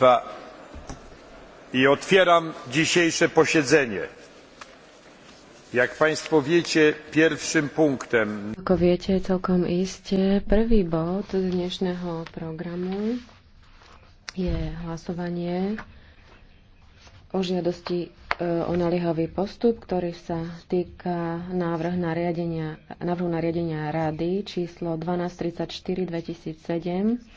państwa! otwieram dzisiejsze posiedzenie. jak państwo wiecie pierwszym punktem ako viete celkom iste prvý bod dnešného programu je hlasovanie o žiadosti e, o naliehavý postup, ktorý sa týka návrh nariadenia, návrhu nariadenia Rady číslo 1234 2007